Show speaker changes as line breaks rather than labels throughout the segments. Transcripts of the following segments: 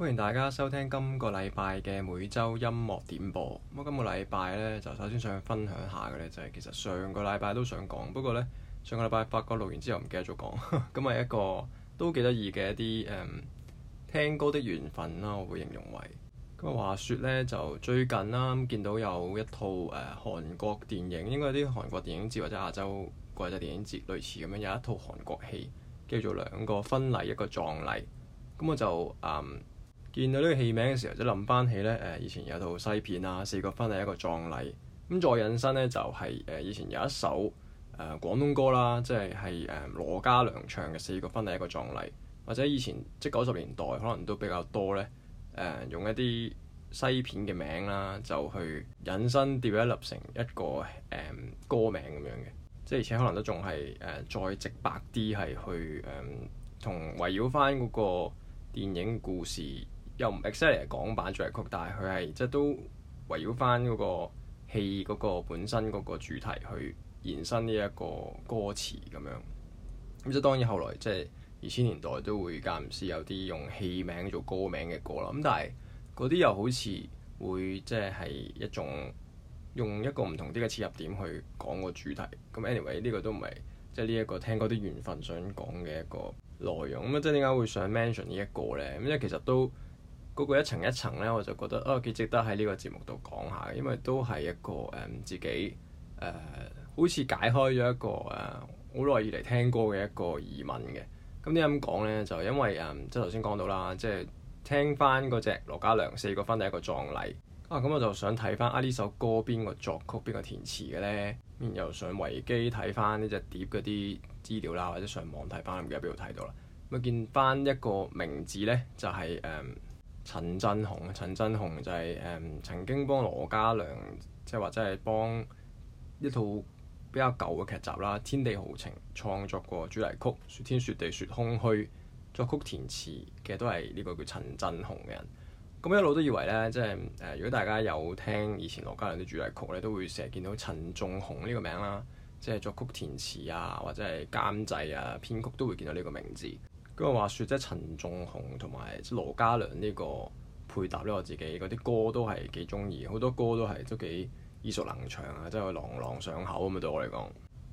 歡迎大家收聽今個禮拜嘅每周音樂點播。咁今個禮拜呢，就首先想分享下嘅呢，就係、是、其實上個禮拜都想講，不過呢，上個禮拜發覺錄完之後唔記得咗講，咁 啊一個都幾得意嘅一啲誒、嗯、聽歌的緣分啦，我會形容為。咁啊，話説呢，就最近啦、啊，咁見到有一套誒韓、呃、國電影，應該係啲韓國電影節或者亞洲國際電影節類似咁樣有一套韓國戲叫做兩個婚禮一個葬禮。咁、嗯、我就誒。嗯見到呢個戲名嘅時候，就諗翻起咧誒，以前有套西片啊，《四個婚禮一個葬禮》。咁再引申咧，就係誒以前有一首誒、呃、廣東歌啦，即係係誒羅嘉良唱嘅《四個婚禮一個葬禮》，或者以前即九十年代可能都比較多咧誒、呃，用一啲西片嘅名啦，就去引申 develop 成一個誒、呃、歌名咁樣嘅，即係而且可能都仲係誒再直白啲係去誒同、呃、圍繞翻嗰個電影故事。又唔 exactly 港版主題曲，但係佢係即係都圍繞翻嗰個戲嗰個本身嗰個主題去延伸呢一個歌詞咁樣。咁即係當然後來即係二千年代都會間唔時有啲用戲名做歌名嘅歌啦。咁但係嗰啲又好似會即係一種用一個唔同啲嘅切入點去講個主題。咁 anyway 呢個都唔係即係呢一個聽歌啲緣分想講嘅一個內容。咁啊，即係點解會想 mention 呢一個咧？咁因為其實都。嗰個一層一層咧，我就覺得啊，幾、呃、值得喺呢個節目度講下，因為都係一個誒、呃、自己誒、呃，好似解開咗一個誒好耐以嚟聽歌嘅一個疑問嘅。咁點解咁講呢？就因為誒，即係頭先講到啦，即、就、係、是、聽翻嗰隻羅嘉良四個婚禮一個葬禮啊。咁我就想睇翻啊呢首歌邊個作曲邊個填詞嘅呢？又想上維基睇翻呢隻碟嗰啲資料啦，或者上網睇翻，唔記得邊度睇到啦。咁、嗯、啊，見翻一個名字呢，就係、是、誒。呃陳震雄，陳震雄就係、是、誒、呃、曾經幫羅嘉良，即係或者係幫一套比較舊嘅劇集啦，《天地豪情》創作過主題曲《說天說地說空虛》，作曲填詞嘅都係呢個叫陳震雄嘅人。咁一路都以為呢，即係誒，如果大家有聽以前羅嘉良啲主題曲呢都會成日見到陳震雄呢個名啦，即係作曲填詞啊，或者係監製啊、編曲都會見到呢個名字。咁話説，即係陳仲紅同埋即羅嘉良呢個配搭咧，我自己嗰啲歌都係幾鍾意，好多歌都係都幾耳熟能詳啊，即係朗朗上口咁啊。對我嚟講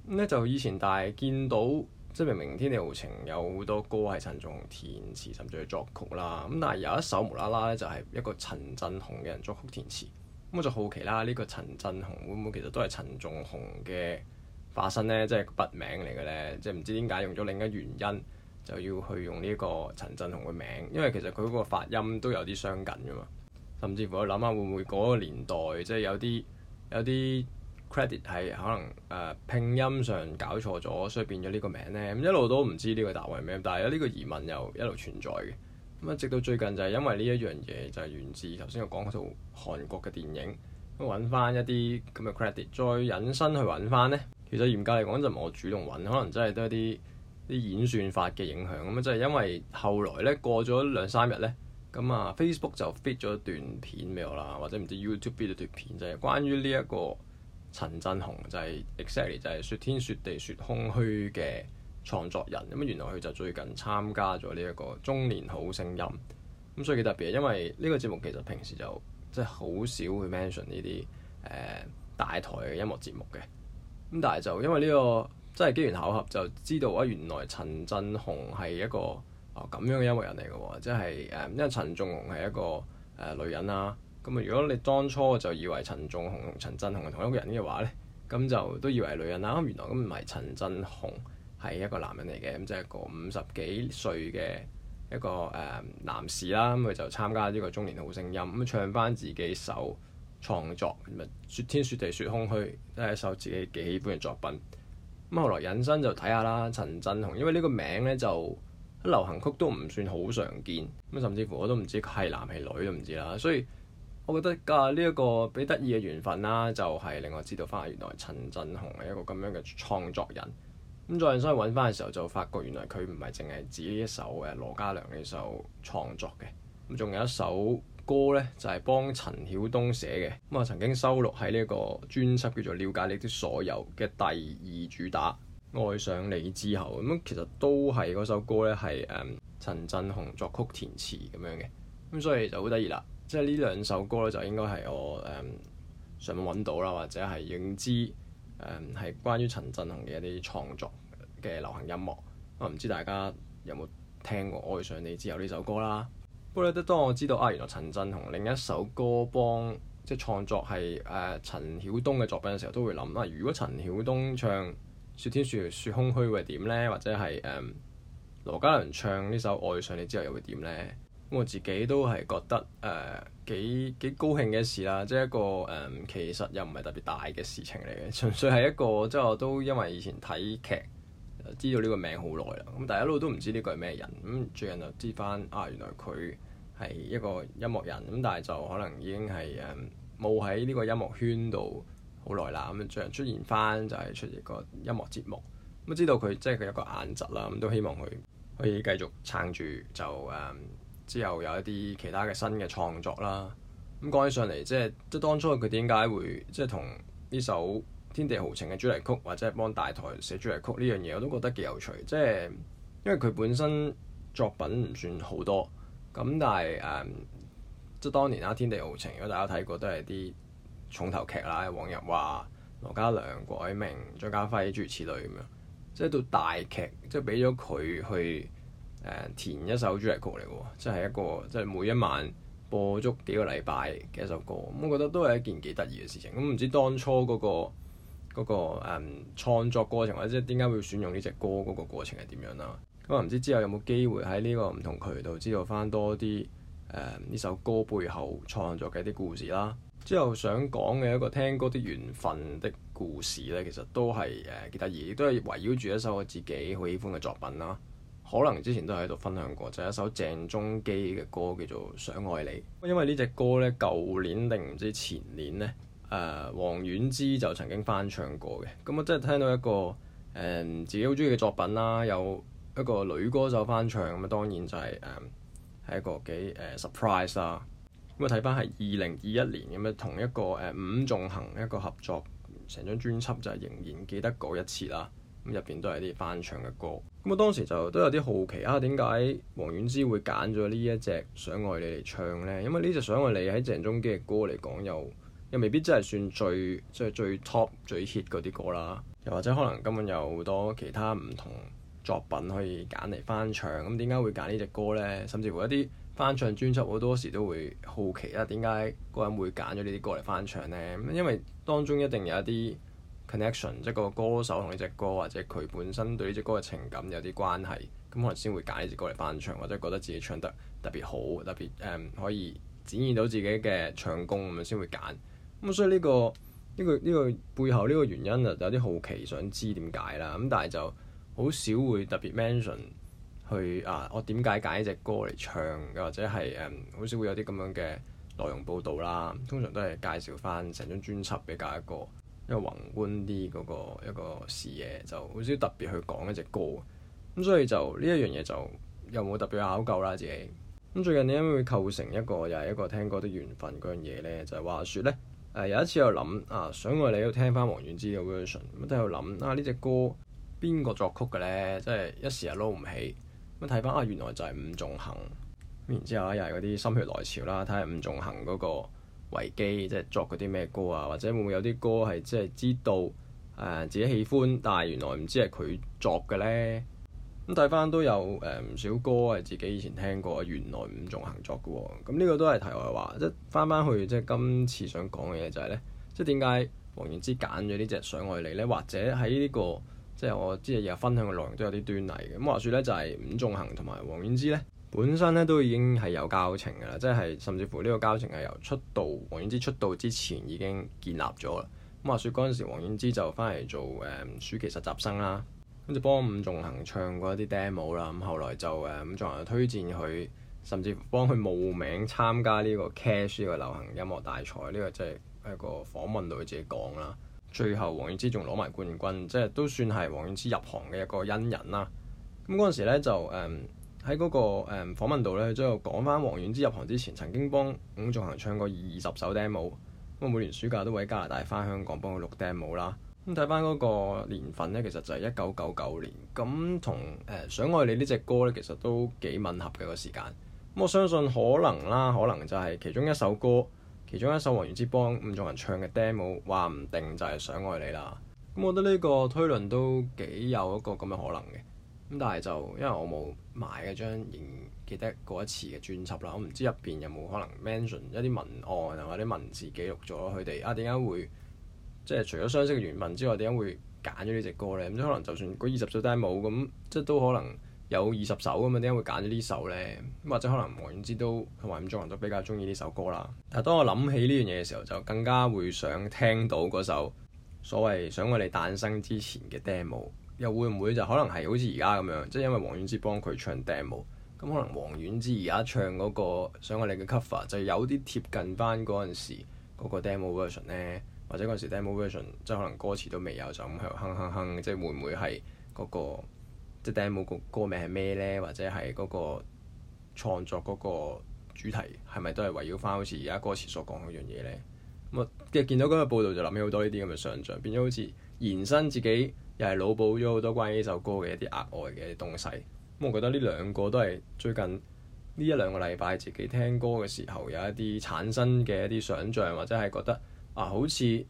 咁咧，就以前大係見到即係明明《天地豪情》有好多歌係陳仲紅填詞，甚至係作曲啦。咁但係有一首無啦啦咧，就係一個陳震雄嘅人作曲填詞咁、嗯，我就好奇啦。呢、呢個陳震雄會唔會其實都係陳仲紅嘅化身咧？即係筆名嚟嘅咧，即係唔知點解用咗另一原因。就要去用呢個陳震雄嘅名，因為其實佢嗰個發音都有啲相近㗎嘛。甚至乎我諗下會唔會嗰個年代即係、就是、有啲有啲 credit 係可能誒、呃、拼音上搞錯咗，所以變咗呢個名呢？咁一路都唔知呢個答案係咩，但係有呢個疑問又一路存在嘅。咁啊，直到最近就係因為呢一樣嘢就係、是、源自頭先我講嗰套韓國嘅電影，揾翻一啲咁嘅 credit，再引申去揾翻呢。其實嚴格嚟講就唔係我主動揾，可能真係都有一啲。啲演算法嘅影響，咁啊就係因為後來咧過咗兩三日咧，咁啊 Facebook 就 feed 咗一段片俾我啦，或者唔知 YouTube 嗰段片就係關於呢一個陳震雄，就係 exactly 就係《說天說地說空虛》嘅創作人，咁原來佢就最近參加咗呢一個中年好聲音，咁所以幾特別，因為呢個節目其實平時就即係好少去 mention 呢啲誒大台嘅音樂節目嘅，咁但係就因為呢個。真係機緣巧合，就知道啊！原來陳震雄係一個哦咁樣嘅音樂人嚟嘅喎，即係誒、嗯，因為陳仲雄係一個誒、呃、女人啦。咁啊，如果你當初就以為陳仲雄同陳震雄係同一個人嘅話咧，咁就都以為女人啦。咁、啊、原來咁唔係，陳震雄係一個男人嚟嘅，咁、嗯、即係一個五十幾歲嘅一個誒、呃、男士啦。咁、啊、佢就參加呢個中年好聲音，咁唱翻自己首創作，咪說天說地說空虛，都係一首自己幾喜歡嘅作品。咁後來引申就睇下啦，陳震雄，因為呢個名呢，就流行曲都唔算好常見，咁甚至乎我都唔知佢係男係女都唔知啦，所以我覺得啊呢一個俾得意嘅緣分啦，就係令我知道翻原來陳震雄係一個咁樣嘅創作人，咁再引申揾翻嘅時候就發覺原來佢唔係淨係指呢一首誒羅嘉良呢首創作嘅，咁仲有一首。歌呢就係、是、幫陳曉東寫嘅，咁、嗯、啊曾經收錄喺呢個專輯叫做《瞭解你啲所有》嘅第二主打《愛上你之後》，咁、嗯、其實都係嗰首歌呢係誒、嗯、陳震雄作曲填詞咁樣嘅，咁、嗯、所以就好得意啦，即係呢兩首歌呢，就應該係我誒、嗯、上面揾到啦，或者係認知誒係、嗯、關於陳震雄嘅一啲創作嘅流行音樂，我、嗯、唔知大家有冇聽過《愛上你之後》呢首歌啦？咁咧，當我知道啊，原來陳震雄另一首歌幫即係創作係誒、呃、陳曉東嘅作品嘅時候，都會諗啊，如果陳曉東唱《說天說地說空虛》會點呢？或者係誒、呃、羅嘉良唱呢首《愛上你之後》又會點呢？咁我自己都係覺得誒、呃、幾幾高興嘅事啦，即係一個誒、呃、其實又唔係特別大嘅事情嚟嘅，純粹係一個即係我都因為以前睇劇知道呢個名好耐啦，咁但係一路都唔知呢個係咩人，咁最近就知返啊，原來佢。係一個音樂人咁，但係就可能已經係誒冇喺呢個音樂圈度好耐啦。咁最近出現翻就係出席個音樂節目咁、嗯，知道佢即係佢有個眼疾啦。咁、嗯、都希望佢可以繼續撐住，就誒、嗯、之後有一啲其他嘅新嘅創作啦。咁、嗯、講起上嚟，即係即係當初佢點解會即係同呢首《天地豪情》嘅主題曲，或者係幫大台寫主題曲呢樣嘢，我都覺得幾有趣。即係因為佢本身作品唔算好多。咁、嗯、但係誒，即、嗯、係當年啦，《天地豪情》如果大家睇過，都係啲重頭劇啦。往日話羅嘉良、郭藹明、張家輝諸如此類咁樣，即係套大劇，即係俾咗佢去誒、嗯、填一首主題曲嚟喎，即係一個即係每一晚播足幾個禮拜嘅一首歌。咁我覺得都係一件幾得意嘅事情。咁、嗯、唔知當初嗰、那個嗰、那個、嗯、創作過程，或者點解會選用呢隻歌嗰個過程係點樣啦？咁啊！唔知之後有冇機會喺呢個唔同渠道知道返多啲誒呢首歌背後創作嘅啲故事啦。之後想講嘅一個聽歌啲緣分的故事呢，其實都係誒幾特別，都係圍繞住一首我自己好喜歡嘅作品啦。可能之前都喺度分享過，就係、是、一首鄭中基嘅歌叫做《想愛你》。因為呢隻歌呢，舊年定唔知前年呢，誒王菀之就曾經翻唱過嘅。咁我真係聽到一個誒、呃、自己好中意嘅作品啦，有～一個女歌手翻唱咁啊，當然就係誒係一個幾誒、uh, surprise 啦。咁啊，睇翻係二零二一年咁啊，同一個誒、uh, 伍仲衡一個合作，成張專輯就係仍然記得嗰一次啦。咁入邊都係啲翻唱嘅歌。咁、嗯、啊，我當時就都有啲好奇啊，點解王菀之會揀咗呢一隻想愛你嚟唱呢？因為呢隻想愛你喺鄭中基嘅歌嚟講，又又未必真係算最即係最 top 最 hit 嗰啲歌啦。又或者可能今日有好多其他唔同。作品可以揀嚟翻唱，咁點解會揀呢隻歌呢？甚至乎一啲翻唱專輯，好多時都會好奇啦，啊，「點解個人會揀咗呢啲歌嚟翻唱呢？」因為當中一定有一啲 connection，即係個歌手同呢隻歌或者佢本身對呢隻歌嘅情感有啲關係，咁可能先會揀呢隻歌嚟翻唱，或者覺得自己唱得特別好、特別誒、um, 可以展現到自己嘅唱功咁樣先會揀。咁所以呢個、呢個、呢個背後呢個原因就有啲好奇想知點解啦。咁但係就。好少會特別 mention 去啊，我點解揀呢隻歌嚟唱，或者係誒好少會有啲咁樣嘅內容報導啦。通常都係介紹翻成張專輯比較多，因為宏觀啲嗰、那個一個視野就好少特別去講一隻歌。咁所以就呢一樣嘢就又冇特別考究啦自己。咁最近點解會構成一個又係一個聽歌的緣分嗰樣嘢咧？就係、是、話説咧，誒、呃、有一次我諗啊，想我嚟到聽翻王菀之嘅 version，咁都有諗啊呢隻、啊、歌。邊個作曲嘅呢？即係一時又撈唔起。咁睇翻啊，原來就係伍仲衡。然之後又係嗰啲心血來潮啦。睇下伍仲衡嗰個維基，即係作嗰啲咩歌啊？或者會唔會有啲歌係即係知道誒自己喜歡，但係原來唔知係佢作嘅呢？咁睇翻都有誒唔少歌係自己以前聽過，原來伍仲衡作嘅喎。咁、這、呢個都係題外話，即係翻翻去即係今次想講嘅嘢就係、是、呢，即係點解王源之揀咗呢隻想愛你呢？或者喺呢、這個。即係我知，日日分享嘅內容都有啲端倪嘅。咁話說咧，就係伍仲衡同埋王菀之咧，本身咧都已經係有交情嘅啦。即係甚至乎呢個交情係由出道，王菀之出道之前已經建立咗啦。咁話說嗰陣時，王菀之就翻嚟做誒暑期實習生啦，咁就幫伍仲衡唱過一啲 demo 啦。咁後來就誒，伍、嗯、仲衡推薦佢，甚至乎幫佢冒名參加呢個 Cash 呢個流行音樂大賽。呢、這個即係一個訪問到佢自己講啦。最後王菀之仲攞埋冠軍，即係都算係王菀之入行嘅一個恩人啦。咁嗰陣時咧就誒喺嗰個誒、嗯、訪問度呢，佢再講翻王菀之入行之前曾經幫伍仲衡唱過二十首 demo，咁每年暑假都會喺加拿大翻香港幫佢錄 demo 啦。咁睇翻嗰個年份呢，其實就係一九九九年，咁同《誒、嗯、想愛你》呢隻歌呢，其實都幾吻合嘅個時間。咁我相信可能啦，可能就係其中一首歌。其中一首王菀之幫伍仲衡唱嘅《demo》，話唔定就係想愛你啦。咁我覺得呢個推論都幾有一個咁嘅可能嘅。咁但係就因為我冇買嗰張，仍記得嗰一次嘅專輯啦。我唔知入邊有冇可能 mention 一啲文案啊，或者一啲文字記錄咗佢哋啊，點解會即係除咗相識嘅緣分之外，點解會揀咗呢隻歌呢？咁可能就算嗰二十首《demo》咁，即係都可能。有二十首咁啊，點解會揀咗呢首呢？或者可能王菀之都同埋伍仲衡都比較中意呢首歌啦。但係當我諗起呢樣嘢嘅時候，就更加會想聽到嗰首所謂想愛你誕生之前嘅 demo。又會唔會就可能係好似而家咁樣，即係因為王菀之幫佢唱 demo。咁可能王菀之而家唱嗰個想愛你嘅 cover 就有啲貼近翻嗰陣時嗰個 demo version 呢？或者嗰陣時 demo version 即係可能歌詞都未有，就咁喺度哼哼哼，即係會唔會係嗰個？即係冇個歌名係咩呢？或者係嗰個創作嗰個主題係咪都係圍繞翻好似而家歌詞所講嗰樣嘢呢？咁啊，即係見到嗰個報導就諗起好多呢啲咁嘅想像，變咗好似延伸自己，又係腦補咗好多關於呢首歌嘅一啲額外嘅東西。咁我覺得呢兩個都係最近呢一兩個禮拜自己聽歌嘅時候有一啲產生嘅一啲想像，或者係覺得啊，好似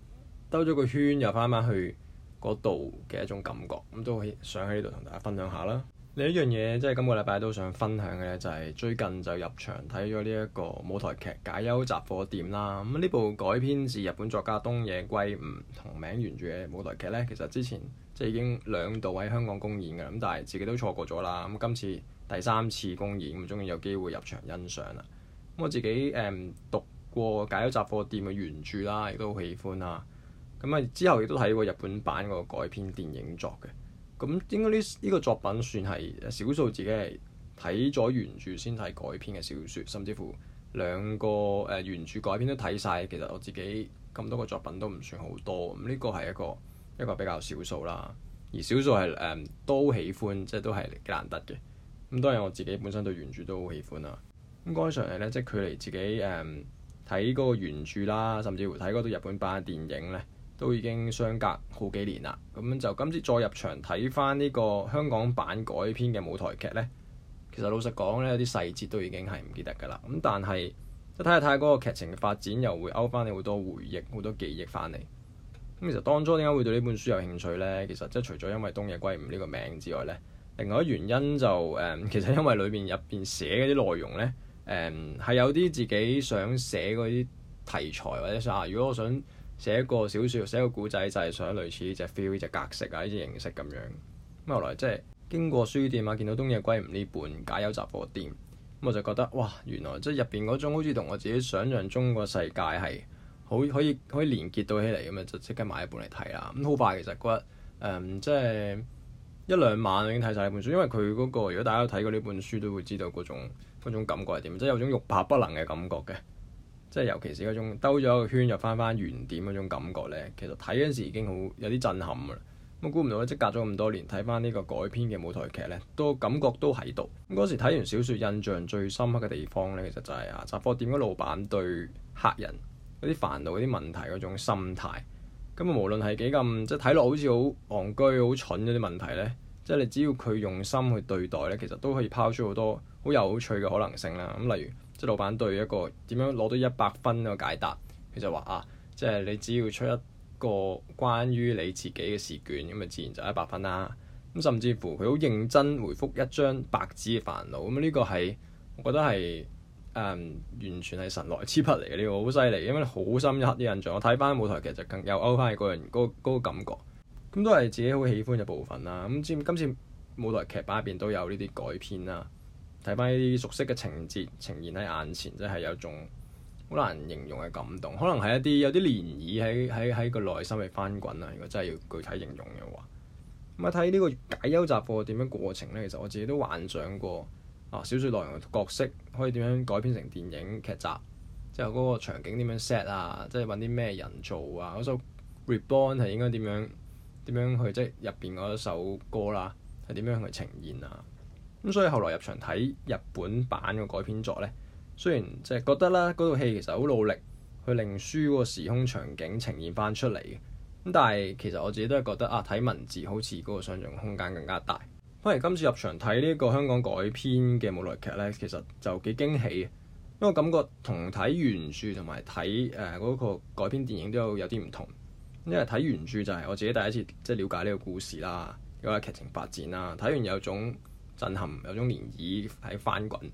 兜咗個圈又翻返去。嗰度嘅一種感覺，咁都可以想喺呢度同大家分享下啦。另一樣嘢，即係今個禮拜都想分享嘅就係、是、最近就入場睇咗呢一個舞台劇《解憂雜貨店》啦。咁呢部改編自日本作家東野圭吾同名原著嘅舞台劇呢，其實之前即係已經兩度喺香港公演嘅啦，咁但係自己都錯過咗啦。咁今次第三次公演，咁終於有機會入場欣賞啦。咁我自己誒、嗯、讀過《解憂雜貨店》嘅原著啦，亦都好喜歡啊。咁啊，之後亦都睇過日本版個改編電影作嘅。咁應該呢呢、這個作品算係少數自己係睇咗原著先睇改編嘅小說，甚至乎兩個誒、呃、原著改編都睇晒。其實我自己咁多個作品都唔算好多，咁呢個係一個一個比較少數啦。而少數係誒、嗯、都喜歡，即、就、係、是、都係幾難得嘅。咁當然我自己本身對原著都好喜歡啦。咁講起上嚟咧，即係距離自己誒睇嗰個原著啦，甚至乎睇嗰套日本版嘅電影咧。都已經相隔好幾年啦，咁就今次再入場睇翻呢個香港版改編嘅舞台劇呢，其實老實講呢，有啲細節都已經係唔記得噶啦。咁但係即睇下睇下嗰個劇情嘅發展，又會勾翻你好多回憶、好多記憶翻嚟。咁其實當初點解會對呢本書有興趣呢？其實即係除咗因為《東野圭吾》呢個名之外呢，另外嘅原因就誒、嗯，其實因為裏面入邊寫嗰啲內容呢，誒、嗯、係有啲自己想寫嗰啲題材或者想、啊，如果我想。寫個小説，寫個古仔就係想類似呢隻 feel，呢隻格式啊，呢隻形式咁樣。咁後來即係經過書店啊，見到《東野圭吾》呢本《解憂雜貨店》，咁我就覺得哇，原來即係入邊嗰種好似同我自己想像中個世界係好可以可以連結到起嚟咁啊，就即刻買一本嚟睇啦。咁好快其實覺得誒、嗯，即係一兩晚已經睇晒呢本書，因為佢嗰、嗰個如果大家睇過呢本書都會知道嗰種、嗰種感覺係點，即係有種欲罷不能嘅感覺嘅。即係尤其是嗰種兜咗一個圈又翻返原點嗰種感覺呢。其實睇嗰陣時已經好有啲震撼啦。咁估唔到即隔咗咁多年睇翻呢個改編嘅舞台劇呢，都感覺都喺度。咁嗰時睇完小説，印象最深刻嘅地方呢，其實就係啊雜貨店嘅老闆對客人嗰啲煩惱、嗰啲問題嗰種心態。咁啊，無論係幾咁，即係睇落好似好戇居、好蠢嗰啲問題呢，即係你只要佢用心去對待呢，其實都可以拋出好多好有趣嘅可能性啦。咁例如～即係老闆對一個點樣攞到一百分嘅解答，佢就話啊，即係你只要出一個關於你自己嘅試卷，咁咪自然就一百分啦。咁、嗯、甚至乎佢好認真回覆一張白紙嘅煩惱，咁、嗯、呢、呢個係我覺得係誒、嗯、完全係神來之筆嚟嘅呢個，好犀利，因為好深刻啲印象。我睇翻舞台劇就更有勾翻起嗰樣嗰、那個那個感覺，咁、嗯、都係自己好喜歡嘅部分啦。咁、嗯、今次舞台劇版入邊都有呢啲改編啦。睇翻呢啲熟悉嘅情節呈現喺眼前，真係有種好難形容嘅感動。可能係一啲有啲漣漪喺喺喺個內心嚟翻滾啊！如果真係要具體形容嘅話，咁啊睇呢個解憂雜貨店嘅過程咧，其實我自己都幻想過啊。小説內容角色可以點樣改編成電影劇集，之後嗰個場景點樣 set 啊，即係揾啲咩人做啊？嗰首《Reborn》係應該點樣點樣去即係入邊嗰首歌啦，係點樣去呈現啊？咁所以後來入場睇日本版嘅改編作呢，雖然即係覺得啦，嗰套戲其實好努力去令書嗰個時空場景呈現翻出嚟嘅。咁但係其實我自己都係覺得啊，睇文字好似嗰個想像空間更加大。反而今次入場睇呢個香港改編嘅舞台劇呢，其實就幾驚喜，因為感覺同睇原著同埋睇誒嗰個改編電影都有啲唔同。因為睇原著就係我自己第一次即係了解呢個故事啦，嗰個劇情發展啦，睇完有種震撼有種漣漪喺翻滾，咁、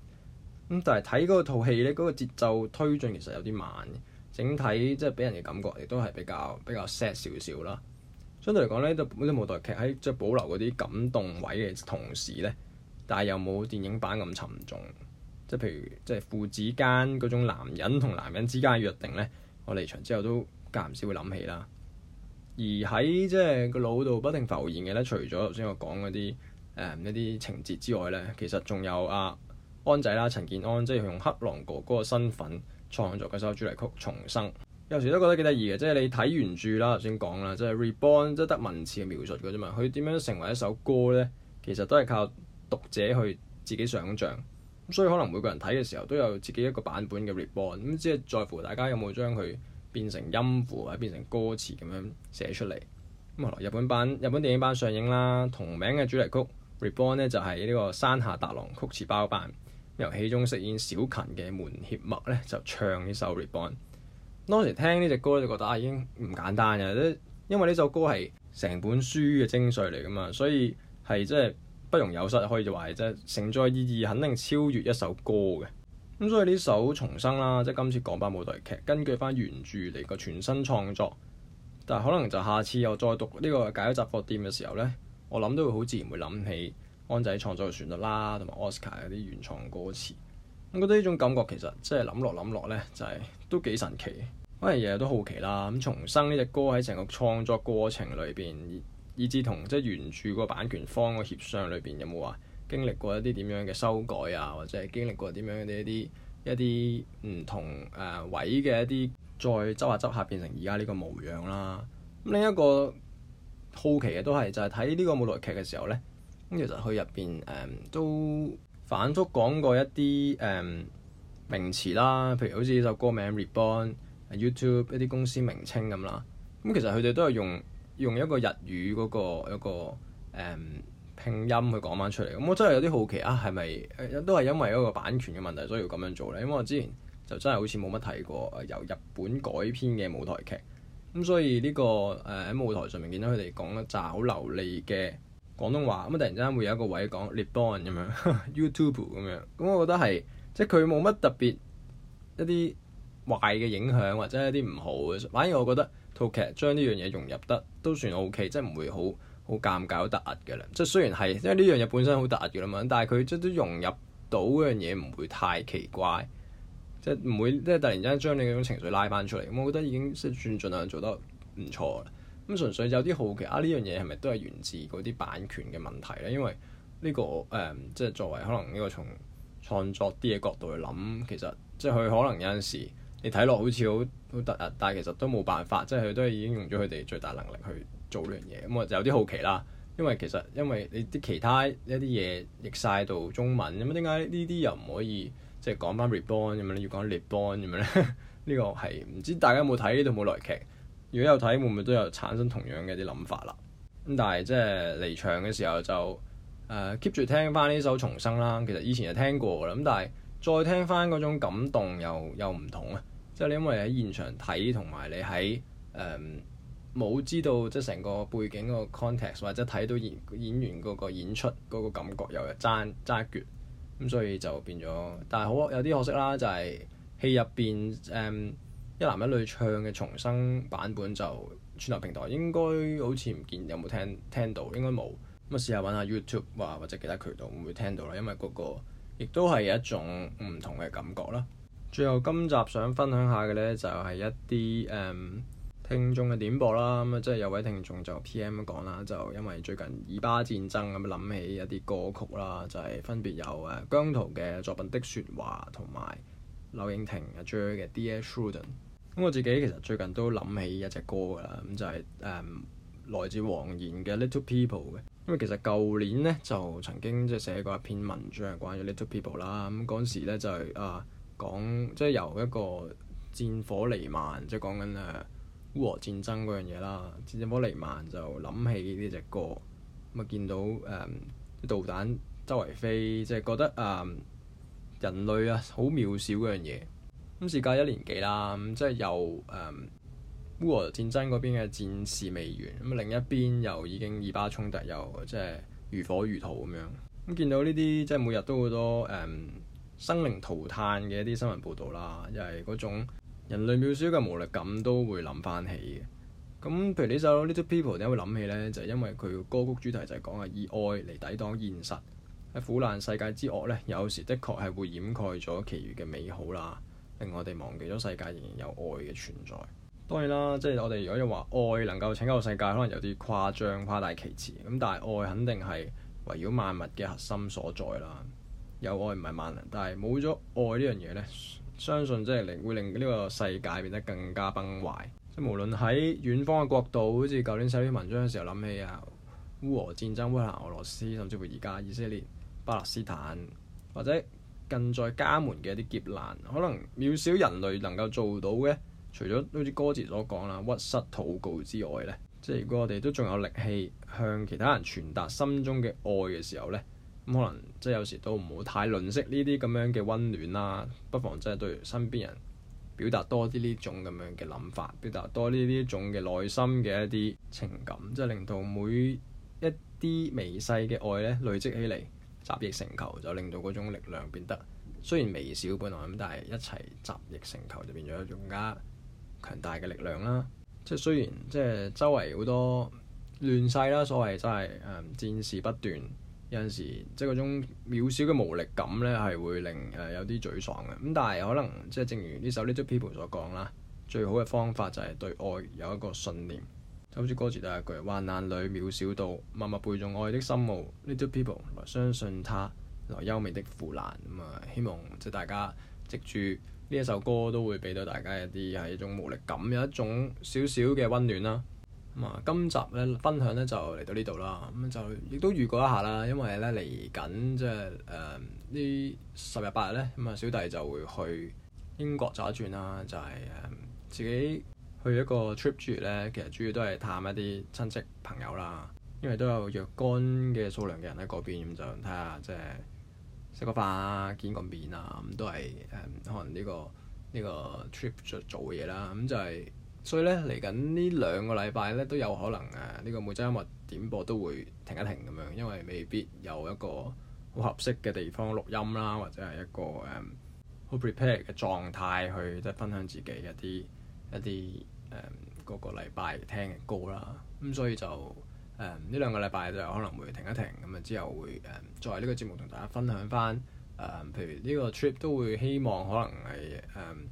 嗯、但係睇嗰套戲呢嗰、嗰個節奏推進其實有啲慢，整體即係俾人嘅感覺亦都係比較比較 sad 少少啦。相對嚟講呢啲舞台劇喺即係保留嗰啲感動位嘅同時呢，但係又冇電影版咁沉重。即、就、係、是、譬如即係、就是、父子間嗰種男人同男人之間嘅約定呢，我離場之後都間唔少會諗起啦。而喺即係個腦度不停浮現嘅呢，除咗頭先我講嗰啲誒呢啲情節之外呢，其實仲有阿、啊、安仔啦，陳健安即係佢用克郎哥哥嘅身份創作嘅首主題曲《重生》。有時都覺得幾得意嘅，即係你睇原著啦，頭先講啦，即係 reborn，即係得文字嘅描述嘅啫嘛。佢點樣成為一首歌呢？其實都係靠讀者去自己想像，咁所以可能每個人睇嘅時候都有自己一個版本嘅 reborn。咁即係在乎大家有冇將佢變成音符或者變成歌詞咁樣寫出嚟。咁、嗯、後來日本版、日本電影版上映啦，同名嘅主題曲。Reborn 咧就係、是、呢個山下達郎曲詞包辦，由戲中飾演小芹嘅門脇麥咧就唱呢首 Reborn。當時聽呢隻歌就覺得啊已經唔簡單嘅，因為呢首歌係成本書嘅精髓嚟㗎嘛，所以係真係不容有失，可以話係真係承載意義肯定超越一首歌嘅。咁所以呢首重生啦，即係今次港版舞台劇根據翻原著嚟個全新創作，但係可能就下次又再讀呢個解憂雜貨店嘅時候咧。我諗都會好自然會諗起安仔創作嘅旋律啦，同埋 Oscar 嗰啲原創歌詞。我覺得呢種感覺其實即係諗落諗落呢，就係、是、都幾神奇。可能日日都好奇啦。咁重生呢隻歌喺成個創作過程裏邊，以至同即係、就是、原著個版權方個協商裏邊，有冇話經歷過一啲點樣嘅修改啊？或者係經歷過點樣嘅一啲一啲唔同誒、呃、位嘅一啲再執下執下變成而家呢個模樣啦。另一個。好奇嘅都係，就係睇呢個舞台劇嘅時候呢，咁其實佢入邊都反覆講過一啲誒、嗯、名詞啦，譬如好似呢首歌名 Reborn、YouTube 一啲公司名稱咁啦，咁、嗯、其實佢哋都係用用一個日語嗰、那個一個誒、嗯、拼音去講返出嚟，咁、嗯、我真係有啲好奇啊，係咪都係因為一個版權嘅問題所以要咁樣做呢？因為我之前就真係好似冇乜睇過由日本改編嘅舞台劇。咁、嗯、所以呢、呢個誒喺、呃、舞台上面見到佢哋講一扎好流利嘅廣東話，咁、嗯、突然之間會有一個位講 Leap Bon 咁樣 YouTube 咁樣，咁、 嗯、我覺得係即係佢冇乜特別一啲壞嘅影響或者一啲唔好嘅，反而我覺得套劇將呢樣嘢融入得都算 OK，即係唔會好好尷尬好突兀嘅啦。即係雖然係因為呢樣嘢本身好突兀嘅啦嘛，但係佢即係都融入到嗰樣嘢唔會太奇怪。即係唔會，即係突然之間將你嗰種情緒拉翻出嚟。咁我覺得已經算盡量做得唔錯啦。咁純粹有啲好奇啊，呢樣嘢係咪都係源自嗰啲版權嘅問題咧？因為呢個誒、嗯，即係作為可能呢個從創作啲嘢角度去諗，其實即係佢可能有陣時你睇落好似好好突啊，但係其實都冇辦法，即係佢都係已經用咗佢哋最大能力去做呢樣嘢。咁我有啲好奇啦，因為其實因為你啲其他一啲嘢譯晒到中文，咁點解呢啲又唔可以？即係講翻 reborn 咁樣咧，要講 reborn 咁樣咧，呢個係唔知大家有冇睇呢套舞台劇？如果有睇，會唔會都有產生同樣嘅啲諗法啦？咁但係即係離場嘅時候就誒 keep 住聽翻呢首重生啦。其實以前就聽過啦，咁但係再聽翻嗰種感動又又唔同啊！即係你因為喺現場睇同埋你喺誒冇知道即係成個背景個 context 或者睇到演演員嗰個演出嗰個感覺又又爭爭一咁、嗯、所以就變咗，但係好啊，有啲可惜啦，就係、是、戲入邊誒一男一女唱嘅重生版本就串流平台應該好似唔見有冇聽聽到，應該冇。咁啊試，試下揾下 YouTube 啊或者其他渠道會唔會聽到啦，因為嗰個亦都係一種唔同嘅感覺啦。最後今集想分享下嘅呢，就係、是、一啲誒。Um, 聽眾嘅點播啦，咁、嗯、啊，即係有位聽眾就 P.M. 講啦，就因為最近以巴戰爭咁，諗起一啲歌曲啦，就係、是、分別有誒姜濤嘅作品的《啊 er、的説話》同埋柳應廷阿 J 嘅 Dear Shrouded。咁我自己其實最近都諗起一隻歌㗎啦，咁、嗯、就係、是、誒、um，來自黃妍嘅《Little People》嘅。咁其實舊年呢，就曾經即係寫過一篇文章係關於《Little People》啦、嗯。咁嗰時呢，就係、是、啊講即係由一個戰火瀰漫，即係講緊誒。Uh, 烏俄戰爭嗰樣嘢啦，戰爭魔尼曼就諗起呢隻歌，咁啊見到誒、嗯、導彈周圍飛，即係覺得誒、嗯、人類啊好渺小嗰樣嘢。咁時隔一年幾啦，咁即係又誒、嗯、烏俄戰爭嗰邊嘅戰事未完，咁另一邊又已經以巴衝突又即係如火如荼咁樣。咁見到呢啲即係每日都好多誒、嗯、生靈塗炭嘅一啲新聞報導啦，又係嗰種。人類渺小嘅無力感都會諗翻起嘅，咁譬如呢首《Little People》點解會諗起呢，就係因為佢嘅歌曲主題就係講係以愛嚟抵擋現實喺苦難世界之惡呢，有時的確係會掩蓋咗其餘嘅美好啦，令我哋忘記咗世界仍然有愛嘅存在。當然啦，即係我哋如果話愛能夠拯救世界，可能有啲誇張、誇大其詞。咁但係愛肯定係圍繞萬物嘅核心所在啦。有愛唔係萬能，但係冇咗愛呢樣嘢呢，相信即係令會令呢個世界變得更加崩壞。即係無論喺遠方嘅國度，好似舊年寫篇文章嘅時候諗起啊烏俄戰爭、烏克蘭、俄羅斯，甚至乎而家以色列、巴勒斯坦，或者近在家門嘅一啲劫難，可能渺小人類能夠做到嘅，除咗好似歌詞所講啦，屈膝禱告之外呢，即係如果我哋都仲有力氣向其他人傳達心中嘅愛嘅時候呢。咁、嗯、可能即係有時都唔好太吝嗇呢啲咁樣嘅溫暖啦，不妨即係對身邊人表達多啲呢種咁樣嘅諗法，表達多呢啲一種嘅內心嘅一啲情感，即係令到每一啲微細嘅愛咧累積起嚟，集腋成裘就令到嗰種力量變得雖然微小本來咁，但係一齊集腋成裘就變咗一種更加強大嘅力量啦。即係雖然即係周圍好多亂世啦，所謂真係誒戰事不斷。有陣時，即係嗰種渺小嘅無力感咧，係會令誒、呃、有啲沮喪嘅。咁但係可能即係正如呢首《Little People》所講啦，最好嘅方法就係對愛有一個信念。就好似歌詞第一句：患難裏渺小到默默背著愛的心奧，《Little People》來相信他，來優美的腐爛。咁、嗯、啊，希望即係大家藉住呢一首歌，都會俾到大家一啲係一種無力感，有一種少少嘅溫暖啦。嗯、今集咧分享咧就嚟到呢度啦，咁、嗯、就亦都預告一下啦，因為咧嚟緊即係誒呢十日八日咧，咁、嗯、啊小弟就會去英國走一轉啦，就係、是、誒、嗯、自己去一個 trip 住咧，其實主要都係探一啲親戚朋友啦，因為都有若干嘅數量嘅人喺嗰邊，咁、嗯、就睇下即係食個飯啊，見個面啊，咁、嗯、都係誒、嗯、可能呢、這個呢、這個 trip 做做嘅嘢啦，咁、嗯、就係、是。所以咧，嚟緊呢兩個禮拜咧都有可能誒，呢、啊呢個每周音樂點播都會停一停咁樣，因為未必有一個好合適嘅地方錄音啦，或者係一個誒好 prepared 嘅狀態去即係分享自己一啲一啲誒嗰個禮拜聽嘅歌啦。咁、嗯、所以就誒呢、嗯、兩個禮拜就可能會停一停，咁、嗯、啊之後會誒作為呢個節目同大家分享翻誒、嗯，譬如呢個 trip 都會希望可能係誒。嗯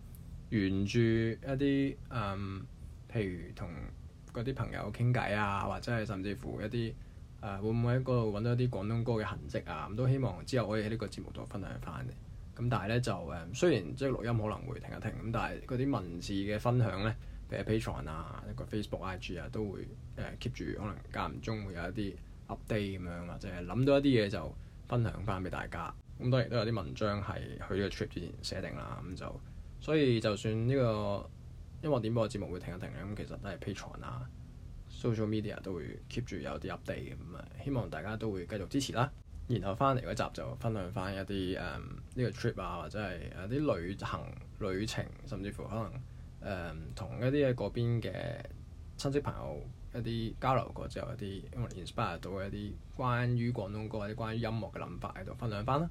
沿住一啲嗯，譬如同嗰啲朋友傾偈啊，或者係甚至乎一啲誒、呃，會唔會喺嗰度揾到一啲廣東歌嘅痕跡啊？咁、嗯、都希望之後可以喺呢個節目度分享翻。咁、嗯、但係咧就誒、嗯，雖然即係錄音可能會停一停咁，但係嗰啲文字嘅分享咧，譬如 Patreon 啊，一個 Facebook IG 啊，都會誒 keep 住，可能間唔中會有一啲 update 咁樣或者係諗到一啲嘢就分享翻俾大家。咁、嗯、當然都有啲文章係去呢個 trip 之前寫定啦，咁、嗯、就。所以就算呢個音樂點播嘅節目會停一停，咁其實都係 Patreon 啊、social media 都會 keep 住有啲 update 咁啊，希望大家都會繼續支持啦。然後翻嚟嗰集就分享翻一啲誒呢個 trip 啊，或者係一啲旅行、旅程，甚至乎可能誒同、嗯、一啲喺嗰邊嘅親戚朋友一啲交流過之後一啲，因為 inspire 到一啲關於廣東歌或者關於音樂嘅諗法喺度，分享翻啦。